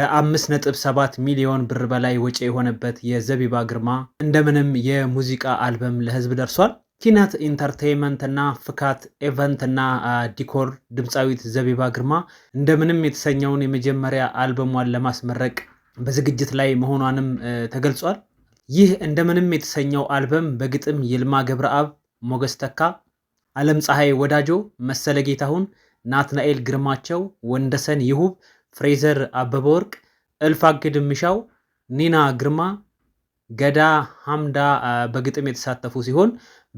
ከ5.7 ሚሊዮን ብር በላይ ወጪ የሆነበት የዘቢባ ግርማ እንደምንም የሙዚቃ አልበም ለህዝብ ደርሷል። ኪናት ኢንተርቴይንመንት እና ፍካት ኤቨንት እና ዲኮር ድምፃዊት ዘቢባ ግርማ እንደምንም የተሰኘውን የመጀመሪያ አልበሟን ለማስመረቅ በዝግጅት ላይ መሆኗንም ተገልጿል። ይህ እንደምንም የተሰኘው አልበም በግጥም ይልማ ገብረአብ፣ ሞገስ ተካ፣ አለም ፀሐይ ወዳጆ፣ መሰለ ጌታሁን፣ ናትናኤል ግርማቸው፣ ወንደሰን ይሁብ ፍሬዘር አበበ ወርቅ፣ እልፍ አግድ ምሻው፣ ኒና ግርማ፣ ገዳ ሐምዳ በግጥም የተሳተፉ ሲሆን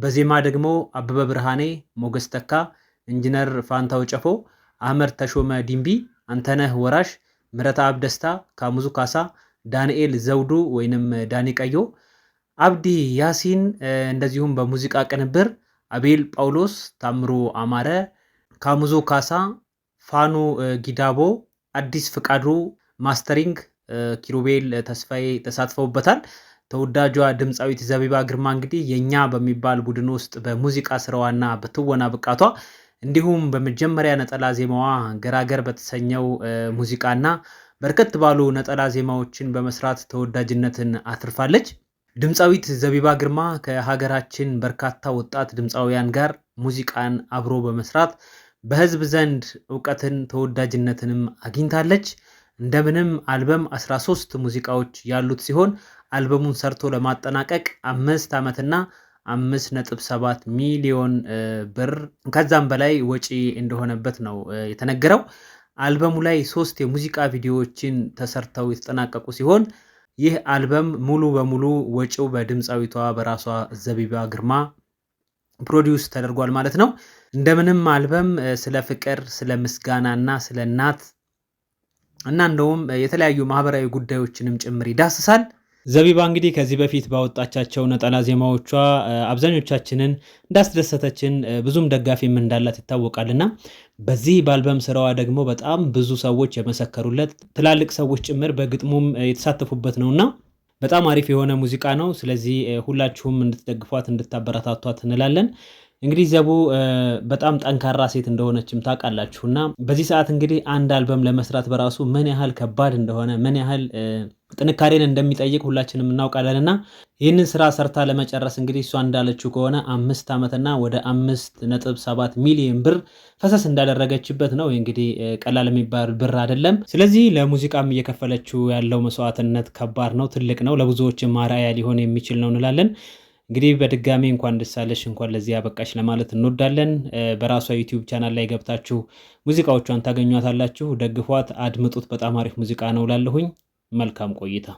በዜማ ደግሞ አበበ ብርሃኔ፣ ሞገስ ተካ፣ ኢንጂነር ፋንታው ጨፎ፣ አህመድ ተሾመ ዲምቢ፣ አንተነህ ወራሽ፣ ምረታ አብ ደስታ፣ ካሙዙ ካሳ፣ ዳንኤል ዘውዱ ወይንም ዳኒ ቀዮ፣ አብዲ ያሲን እንደዚሁም በሙዚቃ ቅንብር አቤል ጳውሎስ፣ ታምሩ አማረ፣ ካሙዙ ካሳ፣ ፋኑ ጊዳቦ አዲስ ፍቃዱ ማስተሪንግ ኪሩቤል ተስፋዬ ተሳትፈውበታል። ተወዳጇ ድምፃዊት ዘቢባ ግርማ እንግዲህ የእኛ በሚባል ቡድን ውስጥ በሙዚቃ ስራዋና በትወና ብቃቷ እንዲሁም በመጀመሪያ ነጠላ ዜማዋ ገራገር በተሰኘው ሙዚቃና በርከት ባሉ ነጠላ ዜማዎችን በመስራት ተወዳጅነትን አትርፋለች። ድምፃዊት ዘቢባ ግርማ ከሀገራችን በርካታ ወጣት ድምፃውያን ጋር ሙዚቃን አብሮ በመስራት በህዝብ ዘንድ እውቀትን ተወዳጅነትንም አግኝታለች። እንደምንም አልበም 13 ሙዚቃዎች ያሉት ሲሆን አልበሙን ሰርቶ ለማጠናቀቅ አምስት ዓመትና 5.7 ሚሊዮን ብር ከዛም በላይ ወጪ እንደሆነበት ነው የተነገረው። አልበሙ ላይ ሶስት የሙዚቃ ቪዲዮዎችን ተሰርተው የተጠናቀቁ ሲሆን ይህ አልበም ሙሉ በሙሉ ወጪው በድምፃዊቷ በራሷ ዘቢባ ግርማ ፕሮዲውስ ተደርጓል ማለት ነው። እንደምንም አልበም ስለ ፍቅር፣ ስለ ምስጋና እና ስለ እናት እና እንደውም የተለያዩ ማህበራዊ ጉዳዮችንም ጭምር ይዳስሳል። ዘቢባ እንግዲህ ከዚህ በፊት ባወጣቻቸው ነጠላ ዜማዎቿ አብዛኞቻችንን እንዳስደሰተችን ብዙም ደጋፊም እንዳላት ይታወቃልና በዚህ በአልበም ስራዋ ደግሞ በጣም ብዙ ሰዎች የመሰከሩለት ትላልቅ ሰዎች ጭምር በግጥሙም የተሳተፉበት ነውና በጣም አሪፍ የሆነ ሙዚቃ ነው። ስለዚህ ሁላችሁም እንድትደግፏት እንድታበረታቷት እንላለን። እንግዲህ ዘቡ በጣም ጠንካራ ሴት እንደሆነችም ታውቃላችሁ እና በዚህ ሰዓት እንግዲህ አንድ አልበም ለመስራት በራሱ ምን ያህል ከባድ እንደሆነ ምን ያህል ጥንካሬን እንደሚጠይቅ ሁላችንም እናውቃለን እና ይህንን ስራ ሰርታ ለመጨረስ እንግዲህ እሷ እንዳለችው ከሆነ አምስት ዓመትና ወደ አምስት ነጥብ ሰባት ሚሊዮን ብር ፈሰስ እንዳደረገችበት ነው። እንግዲህ ቀላል የሚባል ብር አይደለም። ስለዚህ ለሙዚቃም እየከፈለችው ያለው መስዋዕትነት ከባድ ነው፣ ትልቅ ነው፣ ለብዙዎች ማርአያ ሊሆን የሚችል ነው እንላለን። እንግዲህ በድጋሚ እንኳን ደስ እንኳን ለዚህ አበቃሽ ለማለት እንወዳለን። በራሷ ዩቲዩብ ቻናል ላይ ገብታችሁ ሙዚቃዎቿን ታገኟታላችሁ። ደግፏት፣ አድምጡት። በጣም አሪፍ ሙዚቃ ነው ላለሁኝ። መልካም ቆይታ